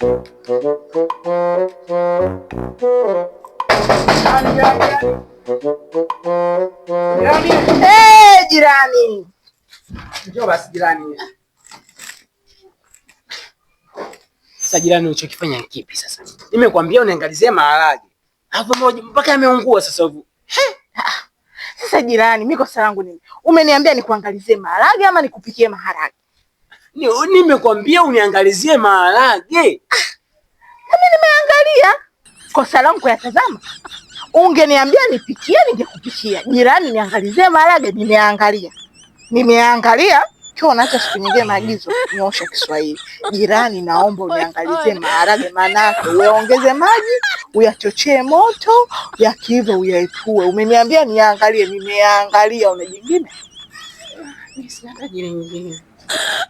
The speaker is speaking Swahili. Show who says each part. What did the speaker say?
Speaker 1: Hey,
Speaker 2: jirani.
Speaker 1: Njoo basi jirani. Sasa jirani, unachokifanya ni kipi sasa? Nimekwambia uniangalizie maharage. Hapo moja mpaka yameungua sasa hivi.
Speaker 2: Ah, ah. Sasa jirani, mimi kosa langu nini? Umeniambia nikuangalizie maharage ama nikupikie maharage?
Speaker 1: Nimekwambia uniangalizie maharage. Ah,
Speaker 2: mimi nimeangalia, kosa langu kuyatazama. Ungeniambia nipikie, ningekupikia. Jirani, niangalizie maharage, nimeangalia, nimeangalia nacha siku nyingine maagizo nyosha Kiswahili. Jirani, naomba uniangalizie maharage, manake uyaongeze maji, uyachochee moto, yakiiva uyaepue. Umeniambia niangalie, nimeangalia. Una jingine? Ah,